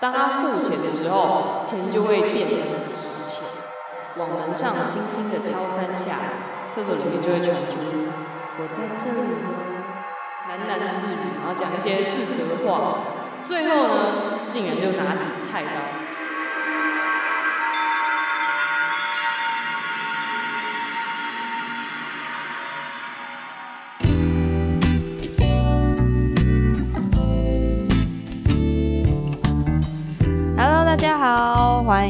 當他付錢的時候，錢就會變成很紙錢。往門上輕輕的敲三下，廁所裡面就會傳出“我在這裡”喃喃自語，然後講一些自責的話。最後呢，竟然就拿起菜刀。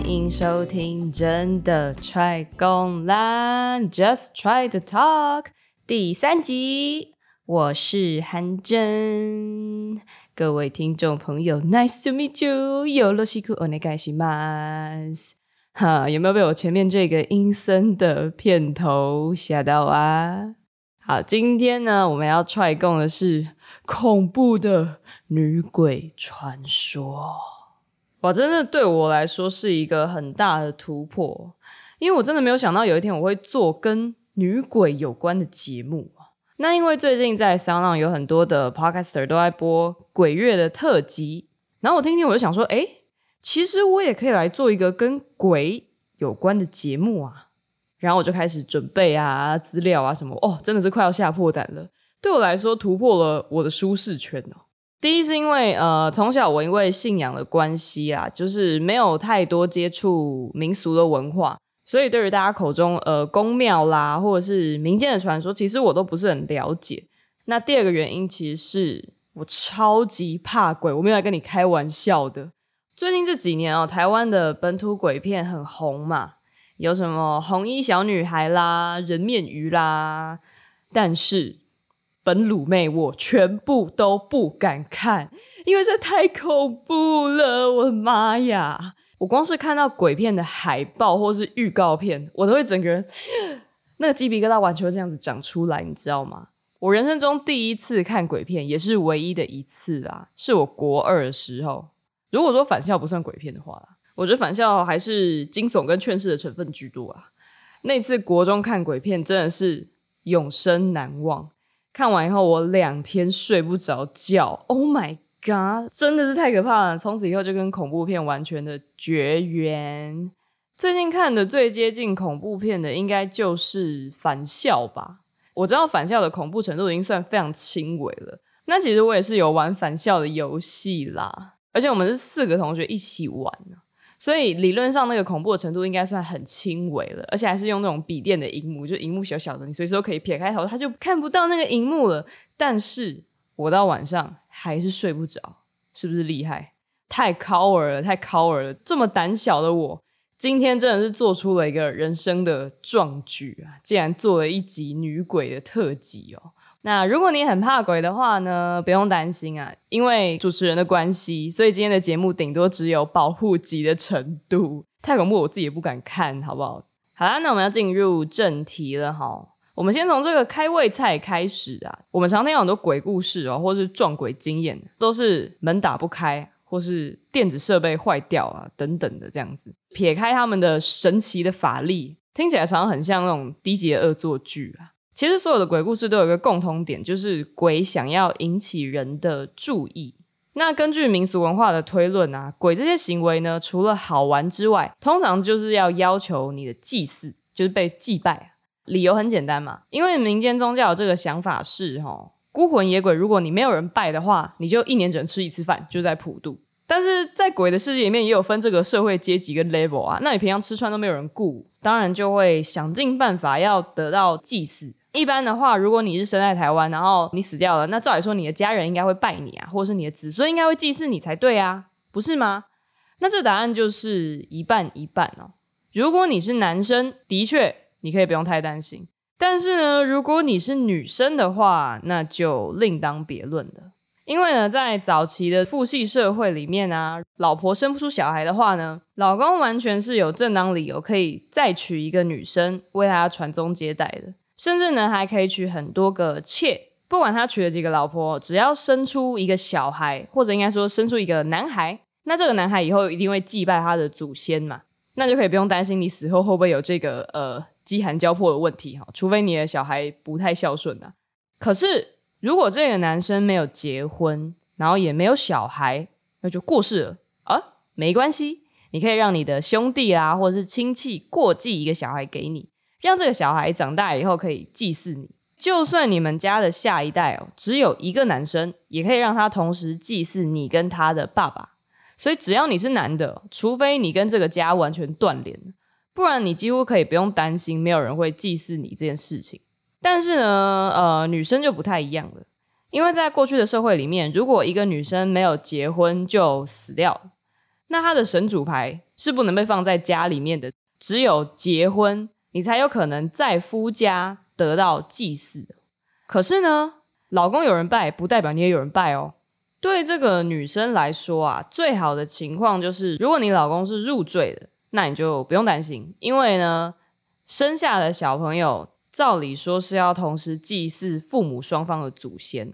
歡迎收聽《真的踹共啦》，Just try to talk 第三集，我是韓真。各位聽眾朋友，Nice to meet you。よろしくお願いします。哈，有沒有被我前面這個陰森的片頭嚇到啊？好，今天呢，我們要踹共的是恐怖的女鬼傳說。哇，真的對我來說是一個很大的突破，因為我真的沒有想到有一天我會做跟女鬼有關的節目。那因為最近在 Sound 浪有很多的 Podcaster 都在播鬼月的特輯，然後我聽聽我就想說，哎，其實我也可以來做一個跟鬼有關的節目啊。然後我就開始準備啊，資料啊什麼哦，真的是快要嚇破膽了。對我來說，突破了我的舒適圈哦。第一是因為呃，從小我因為信仰的關係啊，就是沒有太多接觸民俗的文化，所以對於大家口中呃、宮廟啦，或者是民間的傳說，其實我都不是很了解。那第二個原因，其實是我超級怕鬼，我沒有來跟你開玩笑的。最近這幾年哦，台灣的本土鬼片很紅嘛，有什麼紅衣小女孩啦、人面魚啦，但是。本魯妹，我全部都不敢看，因為這太恐怖了！我的媽呀，我光是看到鬼片的海報或是預告片，我都會整個人那個雞皮疙瘩完全會這樣子長出來，你知道嗎？我人生中第一次看鬼片，也是唯一的一次啊！是我國二的時候。如果說返校不算鬼片的話，我覺得返校還是驚悚跟勸世的成分居多啊。那次國中看鬼片真的是永生難忘。看完以後，我兩天睡不着覺。Oh my god，真的是太可怕了！從此以後就跟恐怖片完全的絕緣。最近看的最接近恐怖片的，應該就是《返校》吧。我知道《返校》的恐怖程度已經算非常輕微了。那其實我也是有玩《返校》的遊戲啦，而且我們是四個同學一起玩。所以理論上那個恐怖的程度應該算很輕微了，而且還是用那種筆電的屏幕，就屏幕小小的，你隨時都可以撇開頭，他就看不到那個屏幕了。但是我到晚上還是睡不着，是不是厲害？太靠耳了，太靠耳了！這麼膽小的我，今天真的是做出了一個人生的壯舉啊！竟然做了一集女鬼的特輯哦。那如果你很怕鬼的話呢？不用擔心啊，因為主持人的關係，所以今天的節目頂多只有保護級的程度。太恐怖，我自己也不敢看，好不好？好啦，那我們要進入正題了吼，我們先從這個開胃菜開始啊。我們常聽很多鬼故事哦，或是撞鬼經驗，都是門打不開，或是電子設備壞掉啊，等等的這樣子。撇開他們的神奇的法力，聽起來常常很像那種低級的惡作劇啊。其實所有的鬼故事都有一個共通點，就是鬼想要引起人的注意。那根據民俗文化的推論啊，鬼這些行為呢，除了好玩之外，通常就是要要求你的祭祀，就是被祭拜。理由很簡單嘛，因為民間宗教這個想法是齁，孤魂野鬼，如果你沒有人拜的話，你就一年只能吃一次飯，就在普渡。但是在鬼的世界裡面，也有分這個社會階級跟 level 啊。那你平常吃穿都沒有人顧，當然就會想盡辦法要得到祭祀。一般的話，如果你是生在台灣，然後你死掉了，那照理說你的家人應該會拜你啊，或者是你的子孫應該會祭祀你才對啊，不是嗎？那這答案就是一半一半哦。如果你是男生，的確你可以不用太擔心；但是呢，如果你是女生的話，那就另當別論了。因為呢，在早期的父系社會裡面啊，老婆生不出小孩的話呢，老公完全是有正當理由可以再娶一個女生為他傳宗接代的。甚至呢，還可以娶很多個妾。不管他娶了幾個老婆，只要生出一個小孩，或者應該說生出一個男孩，那這個男孩以後一定會祭拜他的祖先嘛？那就可以不用擔心你死後會不會有這個呃飢寒交迫的問題哈。除非你的小孩不太孝順吶、啊。可是如果這個男生沒有結婚，然後也沒有小孩，那就過世了啊，沒關係，你可以讓你的兄弟啊或者是親戚過繼一個小孩給你。讓這個小孩長大以後可以祭祀你。就算你們家的下一代哦只有一個男生，也可以讓他同時祭祀你跟他的爸爸。所以只要你是男的，除非你跟這個家完全斷聯，不然你幾乎可以不用擔心沒有人會祭祀你這件事情。但是呢，呃，女生就不太一樣了，因為在過去的社會裡面，如果一個女生沒有結婚就死掉了，那她的神主牌是不能被放在家裡面的，只有結婚你才有可能在夫家得到祭祀，可是呢，老公有人拜不代表你也有人拜哦。對這個女生來說啊，最好的情況就是，如果你老公是入贅的，那你就不用擔心，因為呢，生下的小朋友照理說是要同時祭祀父母雙方的祖先。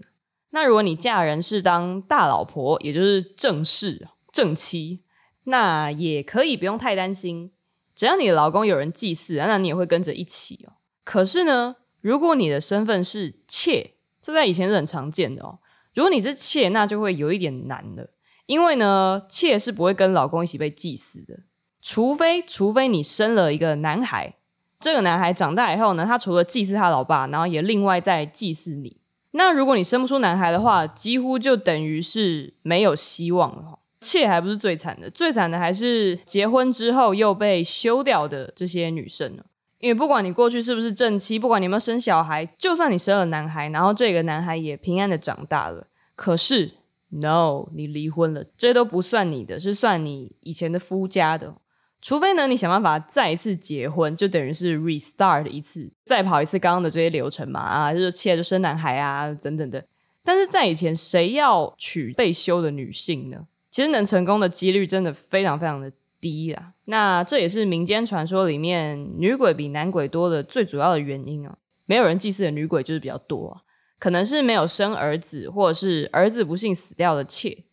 那如果你嫁人是當大老婆，也就是正室、正妻，那也可以不用太擔心。只要你的老公有人祭祀，那你也會跟着一起哦。可是呢，如果你的身份是妾，這在以前是很常見的哦。如果你是妾，那就會有一點難了，因為呢，妾是不會跟老公一起被祭祀的，除非，除非你生了一個男孩，這個男孩長大以後呢，他除了祭祀他老爸，然後也另外再祭祀你。那如果你生不出男孩的話，幾乎就等於是沒有希望了哦。妾還不是最慘的，最慘的還是結婚之後又被休掉的這些女生呢。因為不管你過去是不是正妻，不管你有沒有生小孩，就算你生了男孩，然後這個男孩也平安的長大了，可是 no，你離婚了，這都不算你的，是算你以前的夫家的。除非呢，你想辦法再一次結婚，就等於是 restart 一次，再跑一次剛剛的這些流程嘛啊，就是妾就生男孩啊，等等的。但是在以前，誰要娶被休的女性呢？其實能成功的幾率真的非常非常的低啦。那這也是民間傳說裡面女鬼比男鬼多的最主要的原因啊。沒有人祭祀的女鬼就是比較多啊，可能是沒有生兒子，或者是兒子不幸死掉的妾，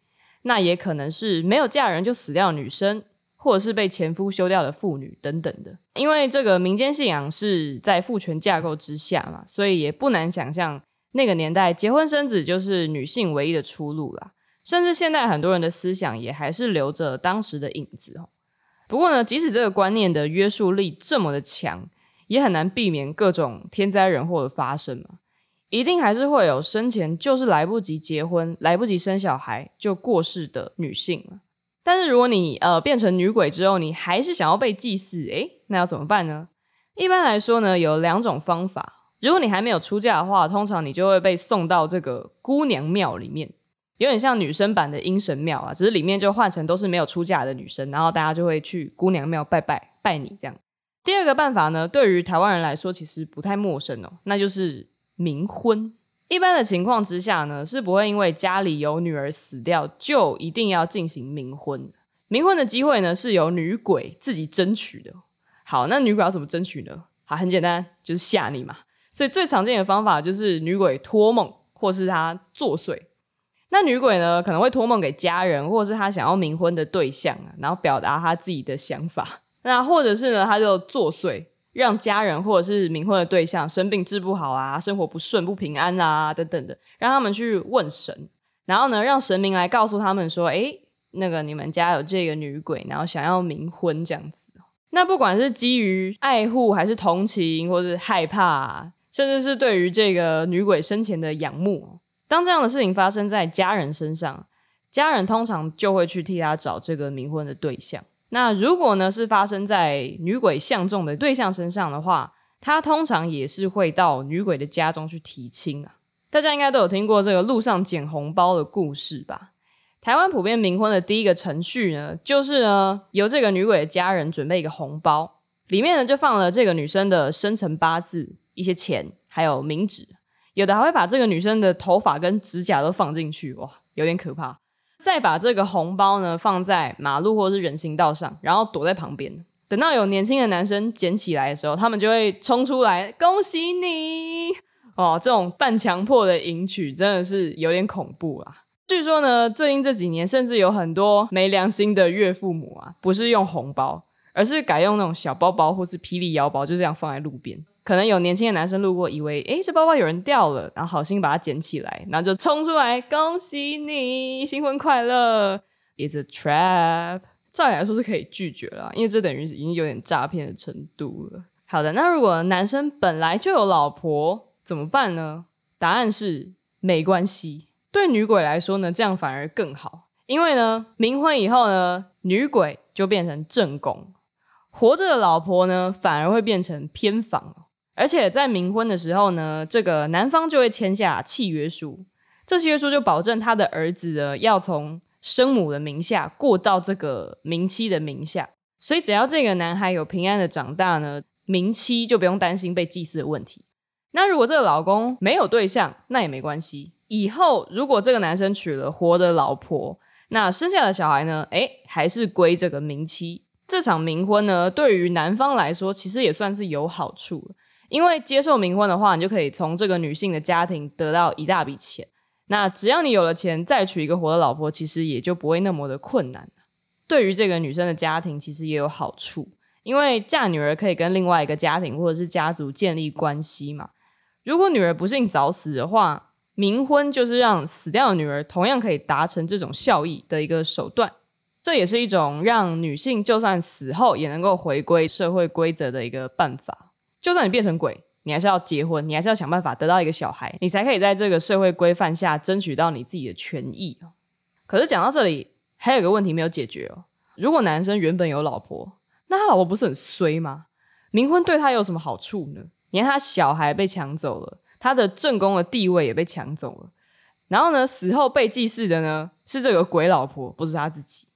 那也可能是沒有嫁人就死掉的女生，或者是被前夫休掉的婦女等等的。因為這個民間信仰是在父權架構之下嘛，所以也不難想象那個年代結婚生子就是女性唯一的出路啦。甚至現在很多人的思想也還是留着當時的影子哦。不過呢，即使這個觀念的約束力這麼的強，也很難避免各種天災人禍的發生嘛。一定還是會有生前就是來不及結婚、來不及生小孩就過世的女性嘛。但是如果你呃變成女鬼之後，你還是想要被祭祀，誒，那要怎麼辦呢？一般來說呢，有兩種方法。如果你還沒有出嫁的話，通常你就會被送到這個姑娘廟裡面。有點像女生版的陰神廟啊，只是裡面就換成都是沒有出嫁的女生，然後大家就會去姑娘廟拜拜，拜你這樣。第二個辦法呢，對於台灣人來說其實不太陌生哦，那就是冥婚。一般的情況之下呢，是不會因為家裡有女兒死掉就一定要進行冥婚。冥婚的機會呢，是由女鬼自己爭取的。好，那女鬼要怎麼爭取呢？好，很簡單，就是嚇你嘛。所以最常見的方法就是女鬼托夢，或是她作祟。那女鬼呢，可能會托夢給家人，或者是她想要冥婚的對象，然後表達她自己的想法。那或者是呢，她就作祟，讓家人或者是冥婚的對象生病治不好啊，生活不順不平安啊，等等的，讓他們去問神，然後呢，讓神明來告訴他們說，誒，那個你們家有這個女鬼，然後想要冥婚這樣子。那不管是基於愛護，還是同情，或是害怕，甚至是對於這個女鬼生前的仰慕，當這樣的事情發生在家人身上，家人通常就會去替他找這個冥婚的對象。那如果呢，是發生在女鬼相中的對象身上的話，他通常也是會到女鬼的家中去提親啊。大家應該都有聽過這個路上撿紅包的故事吧？台灣普遍冥婚的第一個程序呢，就是呢，由這個女鬼的家人準備一個紅包，裡面呢就放了這個女生的生辰八字、一些錢還有冥紙。有的還會把這個女生的頭髮跟指甲都放進去，哇，有點可怕。再把這個紅包呢放在馬路或者是人行道上，然後躲在旁邊，等到有年輕的男生撿起來的時候，他們就會衝出來恭喜你哦。這種半強迫的迎娶真的是有點恐怖啊。據說呢，最近這幾年甚至有很多沒良心的岳父母啊，不是用紅包，而是改用那種小包包或是霹靂腰包，就這樣放在路邊。可能有年輕的男生路過，以為誒這包包有人掉了，然後好心把它撿起來，然後就衝出來恭喜你新婚快樂。It's a trap，照理來說是可以拒絕啦，因為這等於已經有點詐騙的程度了。好的，那如果男生本來就有老婆怎麼辦呢？答案是沒關係，對女鬼來說呢，這樣反而更好，因為呢冥婚以後呢，女鬼就變成正宮，活着的老婆呢反而會變成偏房。而且在冥婚的時候呢，這個男方就會簽下契約書，這契約書就保證他的兒子呢要從生母的名下過到這個冥妻的名下，所以只要這個男孩有平安的長大呢，冥妻就不用擔心被祭祀的問題。那如果這個老公沒有對象，那也沒關係。以後如果這個男生娶了活的老婆，那生下的小孩呢，哎，還是歸這個冥妻。這場冥婚呢，對於男方來說其實也算是有好處。因為接受冥婚的話，你就可以從這個女性的家庭得到一大筆錢。那只要你有了錢，再娶一個活的老婆，其實也就不會那麼的困難。對於這個女生的家庭，其實也有好處，因為嫁女兒可以跟另外一個家庭或者是家族建立關係嘛。如果女兒不幸早死的話，冥婚就是讓死掉的女兒同樣可以達成這種效益的一個手段。這也是一種讓女性就算死後也能夠回歸社會規則的一個辦法。就算你變成鬼，你還是要結婚，你還是要想辦法得到一個小孩，你才可以在這個社會規範下爭取到你自己的權益。可是講到這裡，還有個問題沒有解決哦。如果男生原本有老婆，那他老婆不是很衰嗎？冥婚對他有什麼好處呢？你看，他小孩被搶走了，他的正宮的地位也被搶走了。然後呢，死後被祭祀的呢是這個鬼老婆，不是他自己。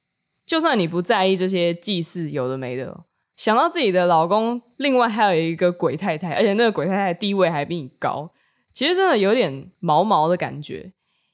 就算你不在意這些祭祀，有的沒的。想到自己的老公，另外還有一個鬼太太，而且那個鬼太太的地位還比你高，其實真的有點毛毛的感覺。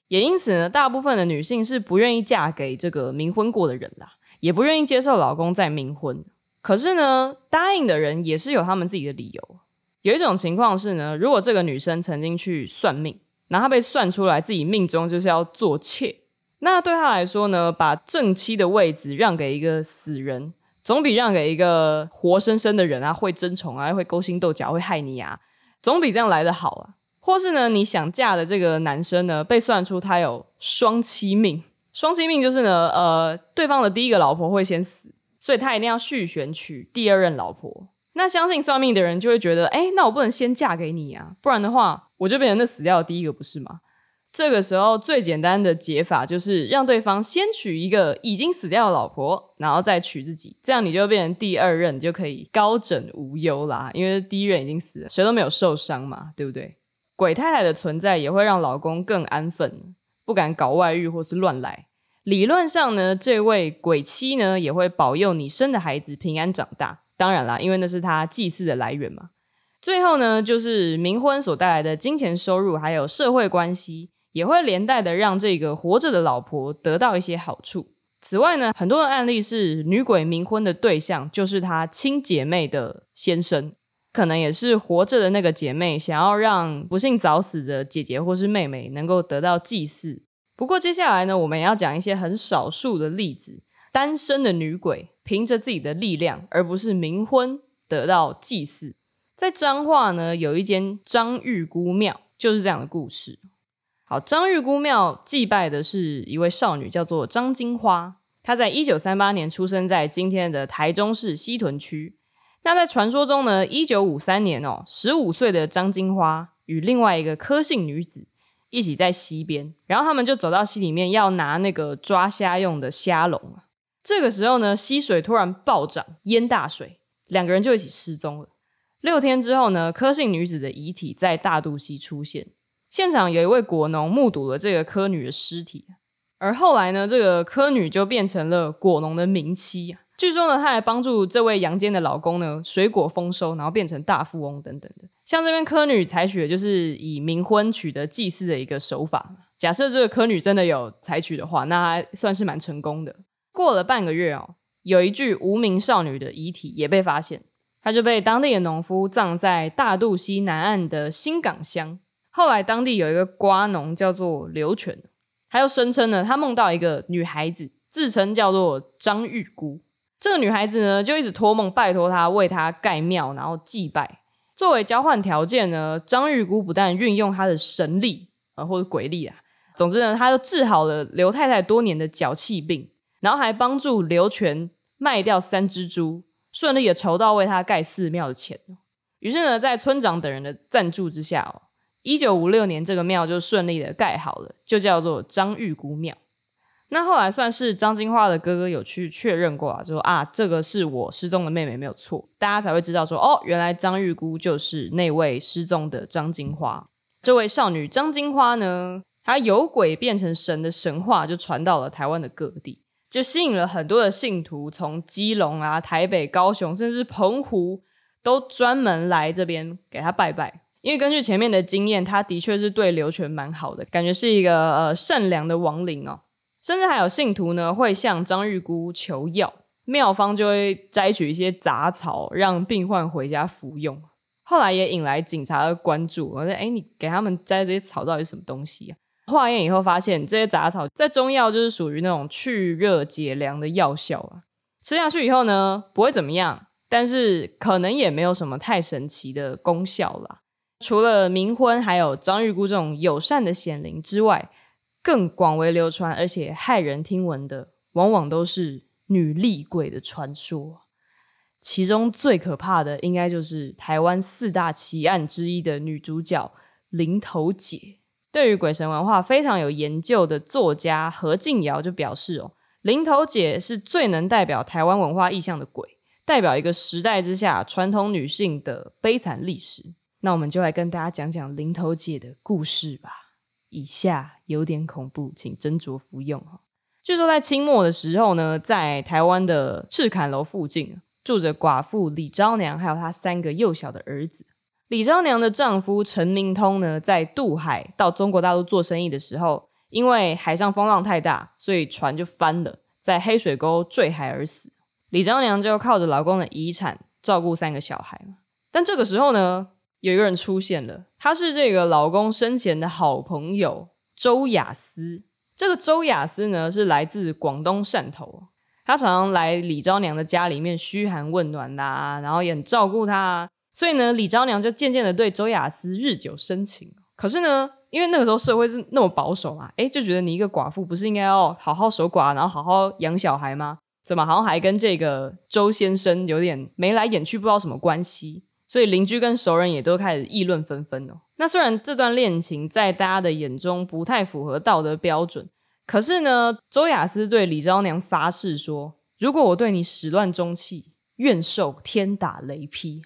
也因此呢，大部分的女性是不願意嫁給這個冥婚過的人啦，也不願意接受老公再冥婚。可是呢，答應的人也是有他們自己的理由。有一種情況是呢，如果這個女生曾經去算命，然後她被算出來自己命中就是要做妾，那對她來說呢，把正妻的位置讓給一個死人，總比讓給一個活生生的人啊，會爭寵啊，會勾心鬥角，會害你啊，總比這樣來得好啊。或是呢，你想嫁的這個男生呢，被算出他有雙妻命，雙妻命就是呢，呃，對方的第一個老婆會先死，所以他一定要續弦娶第二任老婆。那相信算命的人就會覺得，哎，那我不能先嫁給你啊，不然的話我就變成那死掉的第一個，不是嗎？這個時候最簡單的解法就是讓對方先娶一個已經死掉的老婆，然後再娶自己，這樣你就變成第二任，就可以高枕無憂啦。因為第一任已經死了，誰都沒有受傷嘛，對不對？鬼太太的存在也會讓老公更安分，不敢搞外遇或是亂來。理論上呢，這位鬼妻呢也會保佑你生的孩子平安長大。當然啦，因為那是他祭祀的來源嘛。最後呢，就是冥婚所帶來的金錢收入，還有社會關係。也會連帶的讓這個活着的老婆得到一些好處。此外呢，很多的案例是女鬼冥婚的對象就是她親姐妹的先生，可能也是活着的那個姐妹想要讓不幸早死的姐姐或是妹妹能夠得到祭祀。不過接下來呢，我們也要講一些很少數的例子，單身的女鬼憑着自己的力量，而不是冥婚得到祭祀。在彰化呢，有一間張玉姑廟，就是這樣的故事。好，張玉姑廟祭拜的是一位少女，叫做張金花。她在一九三八年出生在今天的台中市西屯區。那在傳說中呢，一九五三年哦，十五歲的張金花與另外一個柯姓女子一起在溪邊，然後他們就走到溪裡面要拿那個抓蝦用的蝦籠。這個時候呢，溪水突然暴漲，淹大水，兩個人就一起失蹤了。六天之後呢，柯姓女子的遺體在大肚溪出現。現場有一位果農目睹了這個柯女的屍體，而後來呢，這個柯女就變成了果農的冥妻。據說呢，她還幫助這位陽間的老公呢，水果豐收，然後變成大富翁等等的。像這邊柯女採取的就是以冥婚取得祭祀的一個手法。假設這個柯女真的有採取的話，那還算是蠻成功的。過了半個月哦，有一具無名少女的遺體也被發現，她就被當地的農夫葬在大肚溪南岸的新港鄉。.後來，當地有一個瓜農叫做劉全，他又聲稱呢，他夢到一個女孩子，自稱叫做張玉姑。這個女孩子呢，就一直托夢拜托他為他蓋廟，然後祭拜。作為交換條件呢，張玉姑不但運用她的神力啊、呃，或者鬼力啊，總之呢，她就治好了劉太太多年的腳氣病，然後還幫助劉全賣掉三隻豬，順利的籌到為他蓋寺廟的錢。於是呢，在村長等人的贊助之下哦。一九五六年，這個廟就順利的蓋好了，就叫做張玉姑廟。那後來算是張金花的哥哥有去確認過啊，就說啊，這個是我失蹤的妹妹，沒有錯。大家才會知道說，哦，原來張玉姑就是那位失蹤的張金花。這位少女張金花呢，她由鬼變成神的神話就傳到了台灣的各地，就吸引了很多的信徒，從基隆啊、台北、高雄，甚至澎湖，都專門來這邊給她拜拜。因為根據前面的經驗，他的確是對劉全蠻好的，感覺是一個呃善良的亡靈哦。甚至還有信徒呢，會向張玉姑求藥，廟方就會摘取一些雜草，讓病患回家服用。後來也引來警察的關注，我說：“哎，你給他們摘這些草到底是什麼東西啊？”化驗以後發現，這些雜草在中藥就是屬於那種去熱解涼的藥效啊。吃下去以後呢，不會怎麼樣，但是可能也沒有什麼太神奇的功效啦。除了冥婚，還有張玉姑這種友善的顯靈之外，更廣為流傳而且駭人聽聞的，往往都是女厲鬼的傳說。其中最可怕的，應該就是台灣四大奇案之一的女主角林投姐。對於鬼神文化非常有研究的作家何敬堯就表示：“哦，林投姐是最能代表台灣文化意象的鬼，代表一個時代之下傳統女性的悲慘歷史。”那我們就來跟大家講講林投姐的故事吧。以下有點恐怖，請斟酌服用哈。據說在清末的時候呢，在台灣的赤崁樓附近住着寡婦李昭娘，還有她三個幼小的兒子。李昭娘的丈夫陳明通呢，在渡海到中國大陸做生意的時候，因為海上風浪太大，所以船就翻了，在黑水溝墜海而死。李昭娘就靠着老公的遺產照顧三個小孩。但這個時候呢？有一個人出現了，他是這個老公生前的好朋友周雅思。這個周雅思呢，是來自廣東汕頭，他常常來李昭娘的家裡面噓寒問暖啦、啊，然後也很照顧她、啊。所以呢，李昭娘就漸漸的對周雅思日久生情。可是呢，因為那個時候社會是那麼保守嘛，哎，就覺得你一個寡婦不是應該要好好守寡，然後好好養小孩嗎？怎麼好像還跟這個周先生有點眉來眼去，不知道什麼關係？所以鄰居跟熟人也都開始議論紛紛哦。那雖然這段戀情在大家的眼中不太符合道德標準，可是呢，周亞思對李昭娘發誓說：“如果我對你始亂終棄，願受天打雷劈。”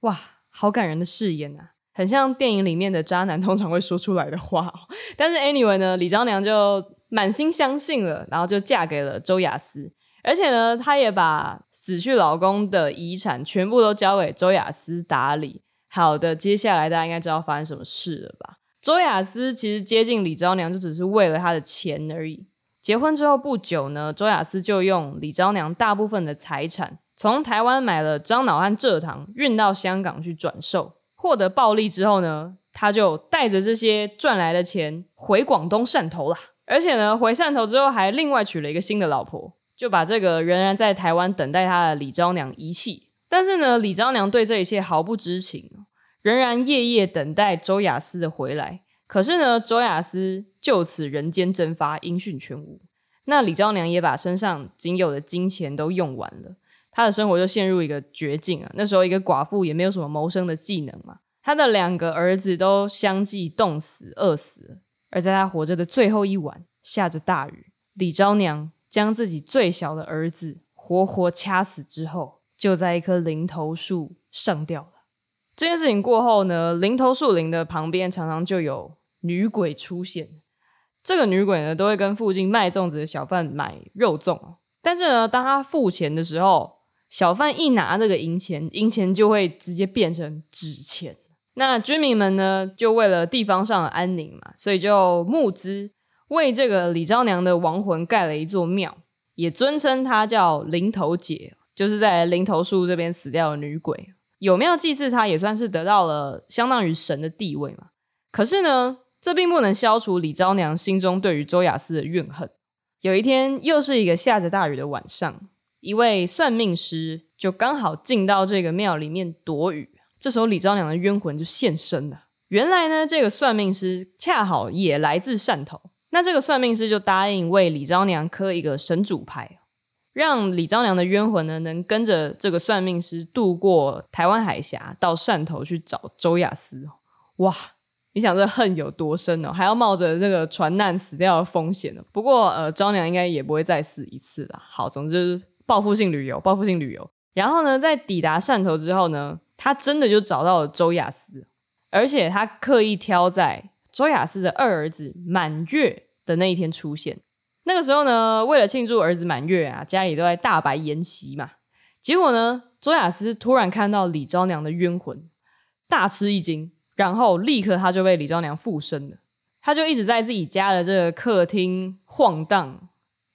哇，好感人的誓言啊！很像電影裡面的渣男通常會說出來的話哦。但是 anyway 呢，李昭娘就滿心相信了，然後就嫁給了周亞思。而且呢，她也把死去老公的遺產全部都交給周雅思打理。好的，接下來大家應該知道發生什麼事了吧？周雅思其實接近李昭娘，就只是為了他的錢而已。結婚之後不久呢，周雅思就用李昭娘大部分的財產，從台灣買了樟腦和蔗糖，運到香港去轉售，獲得暴利之後呢，他就帶着這些賺來的錢回廣東汕頭啦。而且呢，回汕頭之後還另外娶了一個新的老婆。就把這個仍然在台灣等待他的李昭娘遺棄，但是呢，李昭娘對這一切毫不知情，仍然夜夜等待周雅思的回來。可是呢，周雅思就此人間蒸發，音訊全無。那李昭娘也把身上僅有的金錢都用完了，她的生活就陷入一個絕境啊。那時候一個寡婦也沒有什麼謀生的技能嘛，她的兩個兒子都相繼凍死、餓死了，而在她活着的最後一晚，下着大雨，李昭娘，將自己最小的兒子活活掐死之後，就在一棵林投樹上吊了。這件事情過後呢，林投樹林的旁邊常常就有女鬼出現。這個女鬼呢，都會跟附近賣粽子的小販買肉粽。但是呢，當她付錢的時候，小販一拿那個銀錢，銀錢就會直接變成紙錢。那居民們呢，就為了地方上的安寧嘛，所以就募資。為這個李昭娘的亡魂蓋了一座廟，也尊稱她叫林投姐，就是在林投樹這邊死掉的女鬼，有廟祭祀她，也算是得到了相當於神的地位嘛。可是呢，這並不能消除李昭娘心中對於周亞思的怨恨。有一天，又是一個下着大雨的晚上，一位算命師就剛好進到這個廟裡面躲雨，這時候李昭娘的冤魂就現身了。原來呢，這個算命師恰好也來自汕頭。那這個算命師就答應為李昭娘刻一個神主牌，讓李昭娘的冤魂呢能跟着這個算命師渡過台灣海峽，到汕頭去找周亞斯。哇，你想這恨有多深呢、哦？還要冒着這個船難死掉的風險呢。不過呃，昭娘應該也不會再死一次了。好，總之報復性旅遊，報復性旅遊。然後呢，在抵達汕頭之後呢，她真的就找到了周亞斯，而且她刻意挑在周亞斯的二兒子滿月的那一天出現，那個時候呢，為了慶祝兒子滿月啊，家裡都在大擺筵席嘛。結果呢，周雅思突然看到李昭娘的冤魂，大吃一驚，然後立刻他就被李昭娘附身了。他就一直在自己家的這個客廳晃蕩，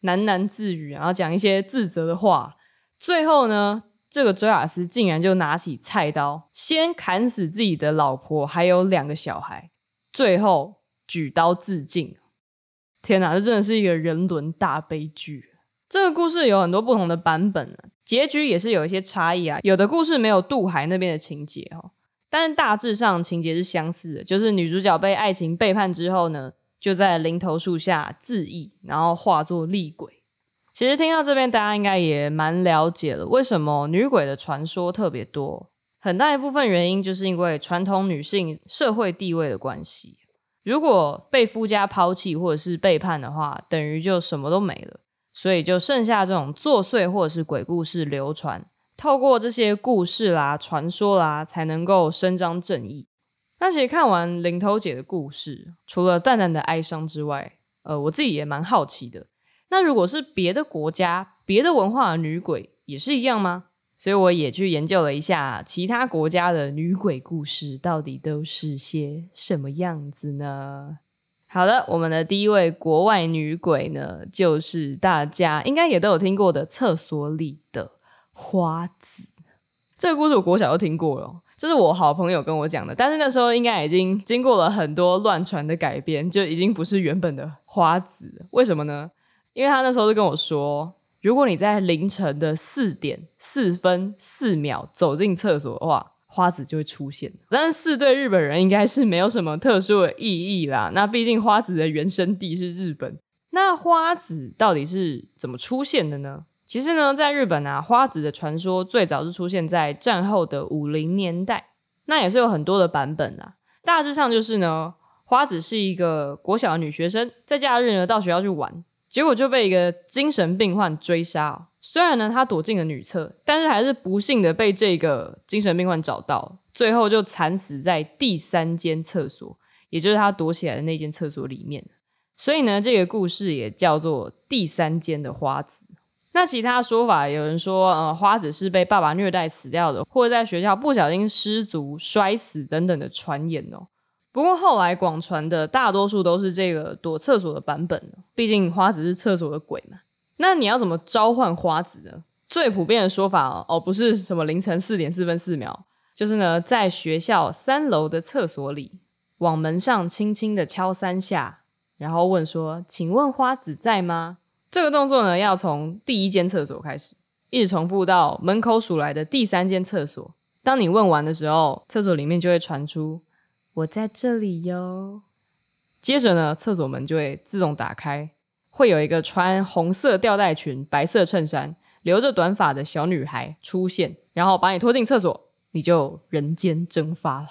喃喃自語，然後講一些自責的話。最後呢，這個周雅思竟然就拿起菜刀，先砍死自己的老婆，還有兩個小孩，最後舉刀自盡。天哪、啊，這真的是一個人倫大悲劇！這個故事有很多不同的版本、啊，結局也是有一些差異啊。有的故事沒有渡海那邊的情節哦，但大致上情節是相似的，就是女主角被愛情背叛之後呢，就在林投樹下自縊，然後化作厲鬼。其實聽到這邊，大家應該也蠻了解了，為什麼女鬼的傳說特別多？很大一部分原因就是因為傳統女性社會地位的關係。如果被夫家拋棄或者是背叛的話，等於就什麼都沒了，所以就剩下這種作祟或者是鬼故事流傳。透過這些故事啦、傳說啦，才能夠伸張正義。那其實看完林投姐的故事，除了淡淡的哀傷之外，呃，我自己也蠻好奇的。那如果是別的國家、別的文化的女鬼，也是一樣嗎？所以我也去研究了一下其他國家的女鬼故事，到底都是些什麼樣子呢？好的，我們的第一位國外女鬼呢，就是大家應該也都有聽過的《廁所裡的花子》。這個故事我國小都聽過了，這是我好朋友跟我講的，但是那時候應該已經經過了很多亂傳的改編，就已經不是原本的花子。為什麼呢？因為他那時候就跟我說。如果你在凌晨的四點四分四秒走進廁所的話，花子就會出現。但是四對日本人應該是沒有什麼特殊的意義啦，那畢竟花子的原生地是日本。那花子到底是怎麼出現的呢？其實呢，在日本啊，花子的傳說最早是出現在戰後的五零年代，那也是有很多的版本啦。大致上就是呢，花子是一個國小的女學生，在假日呢，到學校去玩。結果就被一個精神病患追殺，雖然呢，他躲進了女廁，但是還是不幸的被這個精神病患找到，最後就慘死在第三間廁所，也就是他躲起來的那間廁所裡面。所以呢，這個故事也叫做第三間的花子。那其他說法，有人說，呃、嗯，花子是被爸爸虐待死掉的，或者在學校不小心失足摔死等等的傳言哦。不過後來廣傳的大多數都是這個躲廁所的版本，畢竟花子是廁所的鬼嘛。那你要怎麼召喚花子呢？最普遍的說法哦，哦，不是什麼凌晨四點四分四秒，就是呢，在學校三樓的廁所裡，往門上輕輕的敲三下，然後問說：“請問花子在嗎？”這個動作呢，要從第一間廁所開始，一直重複到門口數來的第三間廁所。當你問完的時候，廁所裡面就會傳出。我在這裡喲。接着呢，廁所門就會自動打開，會有一個穿紅色吊帶裙、白色襯衫、留着短髮的小女孩出現，然後把你拖進廁所，你就人間蒸發了。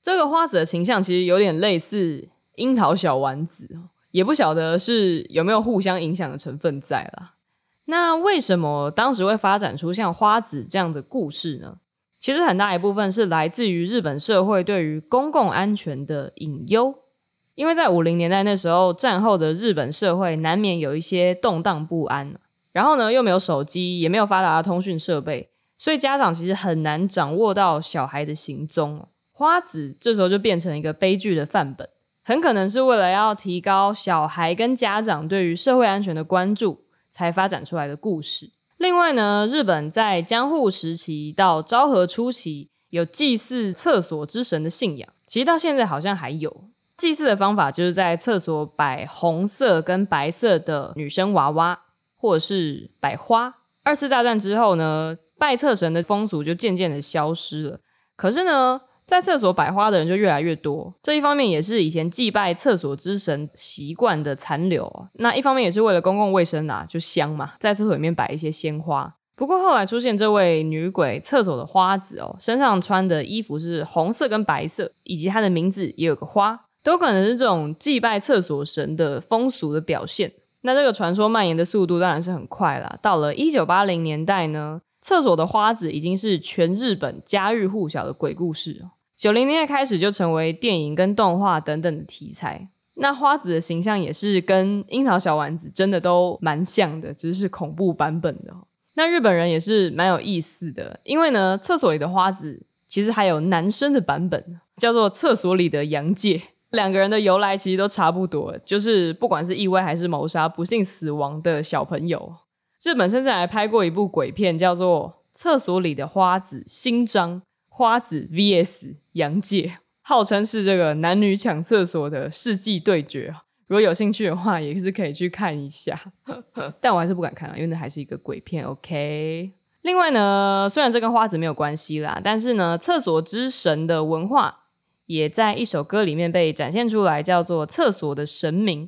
這個花子的形象其實有點類似櫻桃小丸子，也不曉得是有沒有互相影響的成分在了。那為什麼當時會發展出像花子這樣的故事呢？其實很大一部分是來自於日本社會對於公共安全的隱憂，因為在五零年代那時候戰後的日本社會難免有一些動盪不安，然後呢又沒有手機，也沒有發達的通訊設備，所以家長其實很難掌握到小孩的行蹤。花子這時候就變成一個悲劇的範本，很可能是為了要提高小孩跟家長對於社會安全的關注，才發展出來的故事。另外呢，日本在江戶時期到昭和初期有祭祀廁所之神的信仰，其實到現在好像還有。祭祀的方法就是在廁所擺紅色跟白色的女生娃娃，或者是擺花。二次大戰之後呢，拜廁神的風俗就漸漸的消失了。可是呢，在廁所擺花的人就越來越多，這一方面也是以前祭拜廁所之神習慣的殘留哦，那一方面也是為了公共衛生啊，就香嘛，在廁所裡面擺一些鮮花。不過後來出現這位女鬼廁所的花子哦，身上穿的衣服是紅色跟白色，以及她的名字也有個花，都可能是這種祭拜廁所神的風俗的表現。那這個傳說蔓延的速度當然是很快啦。到了一九八零年代呢，廁所的花子已經是全日本家喻戶曉的鬼故事哦。九零年代開始就成為電影跟動畫等等的題材。那花子的形象也是跟櫻桃小丸子真的都蠻像的，只、就是恐怖版本的。那日本人也是蠻有意思的，因為呢，廁所裡的花子其實還有男生的版本，叫做廁所裡的洋介。兩個人的由來其實都差不多，就是不管是意外還是謀殺，不幸死亡的小朋友。日本甚至還拍過一部鬼片，叫做《廁所裡的花子》新章。花子 vs 洋介，號稱是這個男女搶廁所的世紀對決。如果有興趣的話，也是可以去看一下。 但我還是不敢看了、啊，因為那還是一個鬼片。OK。另外呢，雖然這跟花子沒有關係啦，但是呢，廁所之神的文化也在一首歌裡面被展現出來，叫做《廁所的神明》，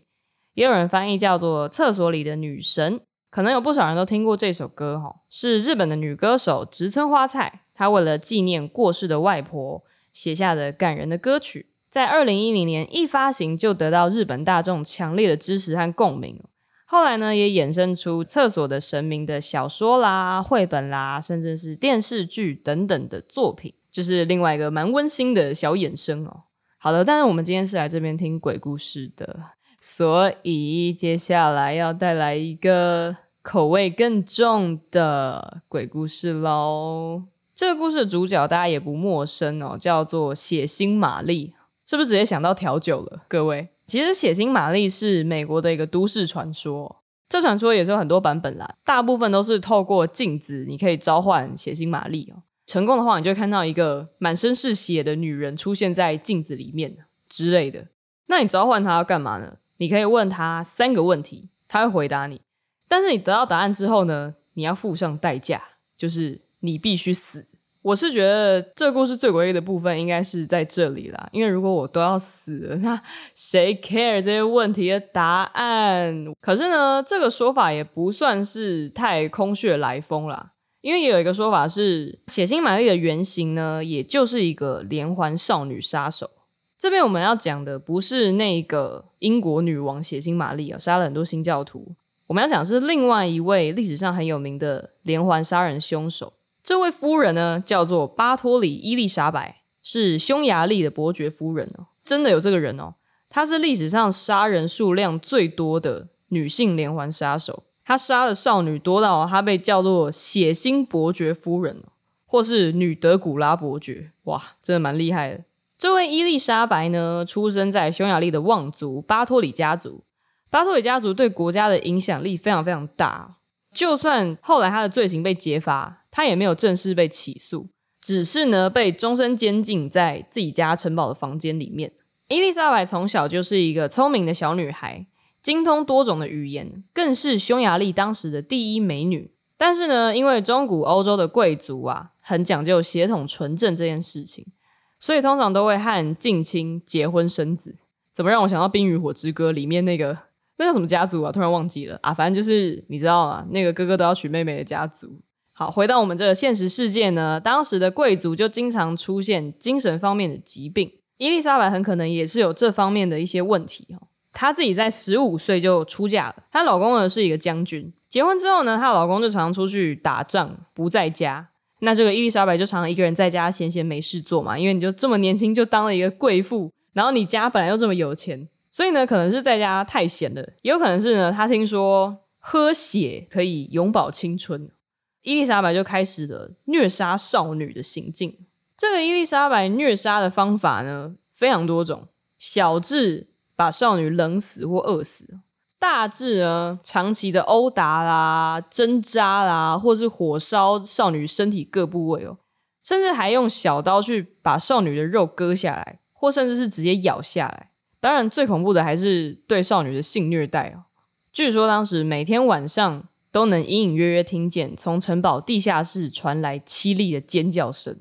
也有人翻譯叫做《廁所裡的女神》。可能有不少人都聽過這首歌吼、哦，是日本的女歌手植村花菜。他為了紀念過世的外婆寫下的感人的歌曲，在二零一零年一發行就得到日本大眾強烈的支持和共鳴。後來呢，也衍生出廁所的神明的小說啦、繪本啦，甚至是電視劇等等的作品，就是另外一個蠻溫馨的小衍生哦。好的，但是我們今天是來這邊聽鬼故事的，所以接下來要帶來一個口味更重的鬼故事嘍。這個故事的主角大家也不陌生哦，叫做血腥瑪麗，是不是直接想到調酒了？各位，其實血腥瑪麗是美國的一個都市傳說哦，這傳說也是有很多版本啦，大部分都是透過鏡子，你可以召喚血腥瑪麗哦，成功的話，你就會看到一個滿身是血的女人出現在鏡子裡面之類的。那你召喚她要幹嘛呢？你可以問她三個問題，她會回答你，但是你得到答案之後呢，你要付上代價，就是你必須死。我是覺得這個故事最詭異的部分應該是在這裡啦，因為如果我都要死了，那誰 care 這些問題的答案？可是呢，這個說法也不算是太空穴來風啦，因為也有一個說法是，血腥瑪麗的原型呢，也就是一個連環少女殺手。這邊我們要講的不是那個英國女王血腥瑪麗啊，殺了很多新教徒，我們要講是另外一位歷史上很有名的連環殺人兇手。這位夫人呢，叫做巴托里伊麗莎白，是匈牙利的伯爵夫人哦，真的有這個人哦。她是歷史上殺人數量最多的女性連環殺手，她殺的少女多到她被叫做“血腥伯爵夫人”或是“女德古拉伯爵”。哇，真的蠻厲害的。這位伊麗莎白呢，出生在匈牙利的望族巴托里家族，巴托里家族對國家的影響力非常非常大。就算後來她的罪行被揭發，她也沒有正式被起訴，只是呢被終身監禁在自己家城堡的房間裡面。伊麗莎白從小就是一個聰明的小女孩，精通多種的語言，更是匈牙利當時的第一美女。但是呢，因為中古歐洲的貴族啊，很講究血統純正這件事情，所以通常都會和近親結婚生子。怎麼讓我想到《冰與火之歌》裡面那個？那叫什麼家族啊？突然忘記了啊！反正就是你知道嗎？那個哥哥都要娶妹妹的家族。好，回到我們這個現實世界呢，當時的貴族就經常出現精神方面的疾病。伊麗莎白很可能也是有這方面的一些問題哦。她自己在十五歲就出嫁了，她老公呢是一個將軍。結婚之後呢，她老公就常常出去打仗，不在家。那這個伊麗莎白就常常一個人在家閒閒沒事做嘛，因為你就這麼年輕就當了一個貴婦，然後你家本來又這麼有錢。所以呢，可能是在家太閒了，也有可能是呢，他聽說喝血可以永葆青春，伊麗莎白就開始了虐殺少女的行徑。這個伊麗莎白虐殺的方法呢，非常多種，小至把少女冷死或餓死，大至呢長期的毆打啦、針扎啦，或是火燒少女身體各部位哦，甚至還用小刀去把少女的肉割下來，或甚至是直接咬下來。當然，最恐怖的還是對少女的性虐待哦。據說當時每天晚上都能隱隱約約聽見從城堡地下室傳來淒厲的尖叫聲。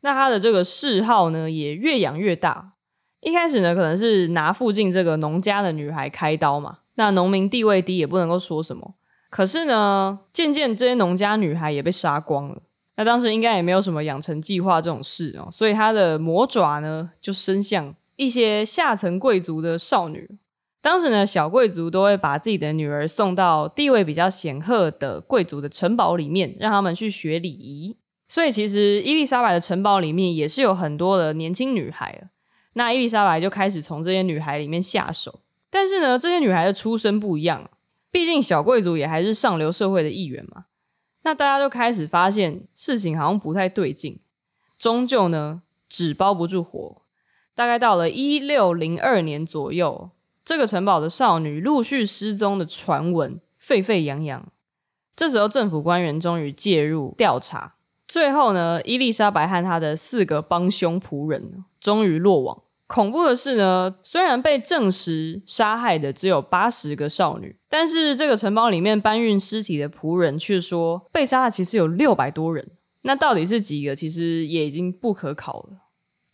那他的這個嗜好呢，也越養越大。一開始呢，可能是拿附近這個農家的女孩開刀嘛。那農民地位低，也不能夠說什麼。可是呢，漸漸這些農家女孩也被殺光了。那當時應該也沒有什麼養成計劃這種事哦。所以他的魔爪呢，就伸向。一些下層貴族的少女，當時呢，小貴族都會把自己的女兒送到地位比較顯赫的貴族的城堡裡面，讓他們去學禮儀。所以，其實伊麗莎白的城堡裡面也是有很多的年輕女孩。那伊麗莎白就開始從這些女孩裡面下手。但是呢，這些女孩的出身不一樣，畢竟小貴族也還是上流社會的一員嘛。那大家就開始發現事情好像不太對勁。終究呢，紙包不住火。大概到了一六零二年左右，這個城堡的少女陸續失蹤的傳聞沸沸揚揚。這時候，政府官員終於介入調查。最後呢，伊麗莎白和她的四個幫凶僕人終於落網。恐怖的是呢，雖然被證實殺害的只有八十個少女，但是這個城堡裡面搬運屍體的僕人卻說，被殺的其實有六百多人。那到底是幾個？其實也已經不可考了。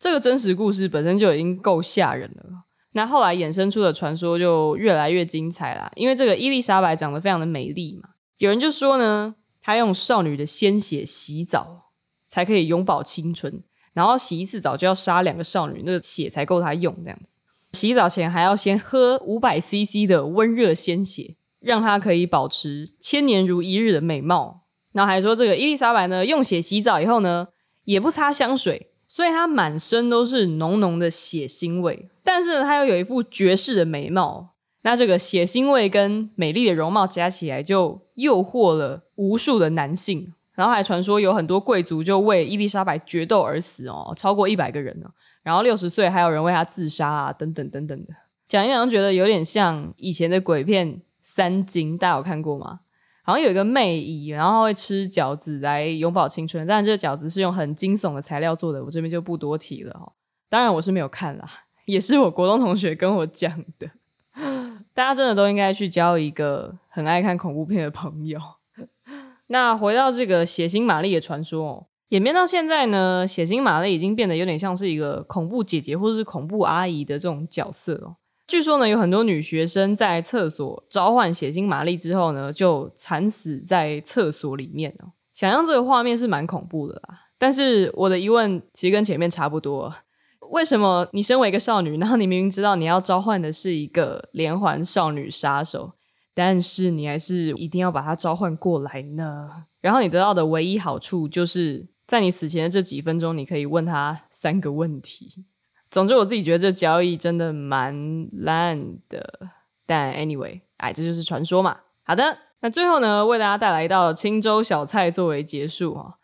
這個真實故事本身就已經夠嚇人了，那後來衍生出的傳說就越來越精彩啦，因為這個伊麗莎白長得非常的美麗嘛，有人就說呢，她用少女的鮮血洗澡才可以永葆青春，然後洗一次澡就要殺兩個少女，那個血才夠她用。這樣子，洗澡前還要先喝五百 CC 的溫熱鮮血，讓她可以保持千年如一日的美貌。然後還說這個伊麗莎白呢，用血洗澡以後呢，也不擦香水。所以他滿身都是濃濃的血腥味，但是呢，他又有一副絕世的美貌，那這個血腥味跟美麗的容貌加起來就誘惑了無數的男性，然後還傳說有很多貴族就為伊麗莎白決鬥而死哦，超過一百個人呢，然後六十歲還有人為她自殺啊，等等等等的，講一講覺得有點像以前的鬼片《三更》，大家有看過嗎？好像有一個媚姨，然後會吃餃子來永葆青春，但是這個餃子是用很驚悚的材料做的，我這邊就不多提了哦。當然我是沒有看啦，也是我國中同學跟我講的。大家真的都應該去交一個很愛看恐怖片的朋友。那回到這個血腥瑪麗的傳說哦，演變到現在呢，血腥瑪麗已經變得有點像是一個恐怖姐姐或者是恐怖阿姨的這種角色哦。據說呢，有很多女學生在廁所召喚血腥瑪麗之後呢，就慘死在廁所裡面哦。想象這個畫面是蠻恐怖的啦。但是我的疑問其實跟前面差不多：為什麼你身為一個少女，然後你明明知道你要召喚的是一個連環少女殺手，但是你還是一定要把她召喚過來呢？然後你得到的唯一好處就是在你死前的這幾分鐘，你可以問她三個問題。總之，我自己覺得這交易真的蠻爛的。但 anyway，哎，這就是傳說嘛。好的，那最後呢，為大家帶來一道清粥小菜作為結束啊。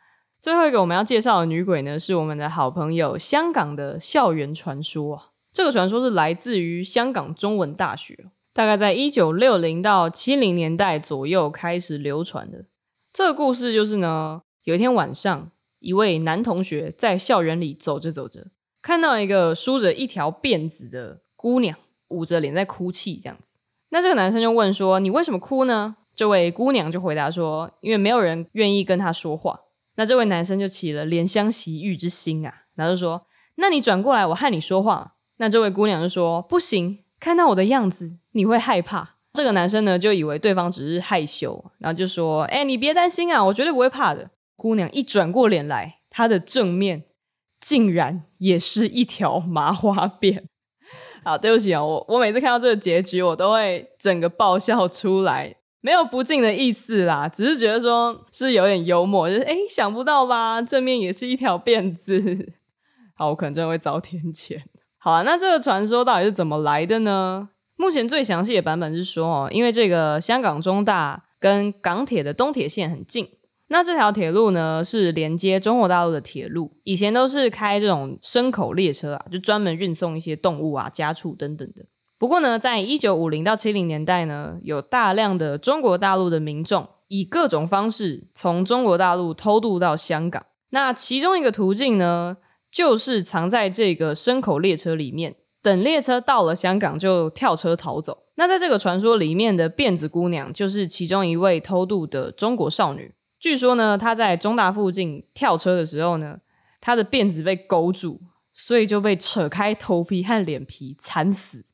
最後一個我們要介紹的女鬼呢，是我們的好朋友香港的校園傳說啊。這個傳說，是來自於香港中文大學，大概在一九六零到七零年代左右開始流傳的。這個故事就是呢，有一天晚上，一位男同學在校園裡走着走着。看到一個梳着一條辮子的姑娘，捂着臉在哭泣，這樣子。那這個男生就問說：“你為什麼哭呢？”這位姑娘就回答說：“因為沒有人願意跟她說話。”那這位男生就起了憐香惜玉之心啊，然後就說：“那你轉過來，我和你說話。”那這位姑娘就說：“不行，看到我的樣子你會害怕。”這個男生呢就以為對方只是害羞，然後就說：“哎、欸，你別擔心啊，我絕對不會怕的。”姑娘一轉過臉來，她的正面。竟然也是一條麻花辮！好，對不起啊，我我每次看到這個結局，我都會整個爆笑出來，沒有不敬的意思啦，只是覺得說是有點幽默，就是欸，想不到吧，正面也是一條辮子。好，我可能真的會遭天譴。好啊，那這個傳說到底是怎麼來的呢？目前最詳細的版本是說哦，因為這個香港中大跟港鐵的東鐵線很近。那這條鐵路呢，是連接中國大陸的鐵路。以前都是開這種牲口列車啊，就專門運送一些動物啊、家畜等等的。不過呢，在一九五零到七零年代呢，有大量的中國大陸的民眾以各種方式從中國大陸偷渡到香港。那其中一個途徑呢，就是藏在這個牲口列車裡面，等列車到了香港就跳車逃走。那在這個傳說裡面的辮子姑娘，就是其中一位偷渡的中國少女。據說呢，他在中大附近跳車的時候呢，他的辮子被勾住，所以就被扯開頭皮和臉皮慘死。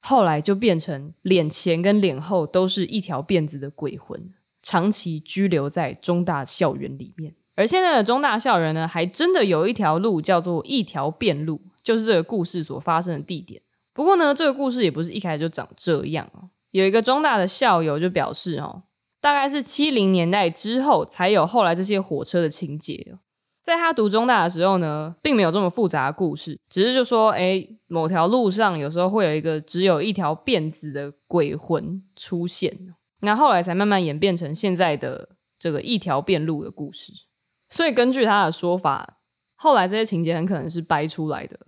後來就變成臉前跟臉後都是一條辮子的鬼魂，長期居留在中大校園裡面。而現在的中大校園呢，還真的有一條路叫做一條辮路，就是這個故事所發生的地點。不過呢，這個故事也不是一開始就長這樣哦。有一個中大的校友就表示哦。大概是七零年代之後才有後來這些火車的情節。在他讀中大的時候呢，並沒有這麼複雜的故事，只是就是說，哎、欸，某條路上有時候會有一個只有一條辮子的鬼魂出現。那後來才慢慢演變成現在的這個一條辮路的故事。所以根據他的說法，後來這些情節很可能是掰出來的。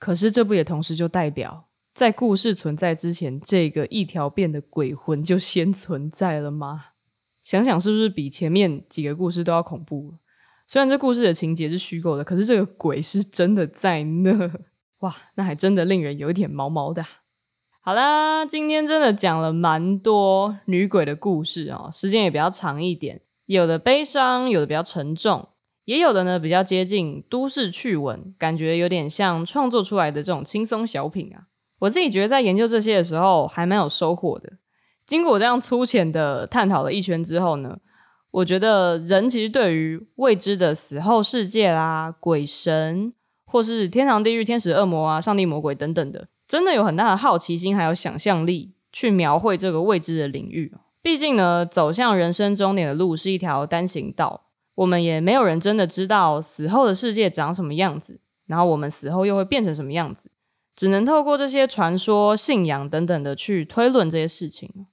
可是這不也同時就代表，在故事存在之前，這個一條辮的鬼魂就先存在了嗎？想想是不是比前面幾個故事都要恐怖了？雖然這故事的情節是虛構的，可是這個鬼是真的在那。哇，那還真的令人有一點毛毛的啊。好啦，今天真的講了蠻多女鬼的故事哦，時間也比較長一點，有的悲傷，有的比較沉重，也有的呢比較接近都市趣聞，感覺有點像創作出來的這種輕鬆小品啊。我自己覺得，在研究這些的時候，還蠻有收穫的。經過我這樣粗淺的探討了一圈之後呢，我覺得人其實對於未知的死後世界啦、鬼神，或是天堂地獄、天使惡魔啊、上帝魔鬼等等的，真的有很大的好奇心，還有想象力去描繪這個未知的領域。畢竟呢，走向人生終點的路是一條單行道，我們也沒有人真的知道死後的世界長什麼樣子，然後我們死後又會變成什麼樣子。只能透過這些傳說、信仰等等的去推論這些事情，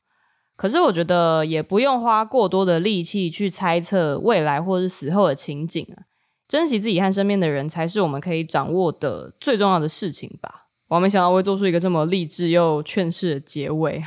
可是我覺得也不用花過多的力氣去猜測未來或是死後的情景啊。珍惜自己和身邊的人，才是我們可以掌握的最重要的事情吧。我還沒想到會做出一個這麼勵志又勸世的結尾。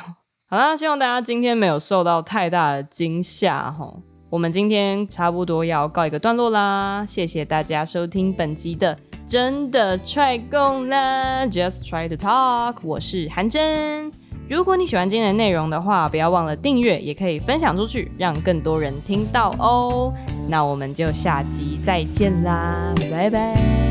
好啦，希望大家今天沒有受到太大的驚嚇吼。我們今天差不多要告一個段落啦，謝謝大家收聽本集的。真的踹夠了，Just try to talk。我是韓真。如果你喜歡今天的內容的話，不要忘了訂閱，也可以分享出去，讓更多人聽到哦。那我們就下集再見啦，拜拜。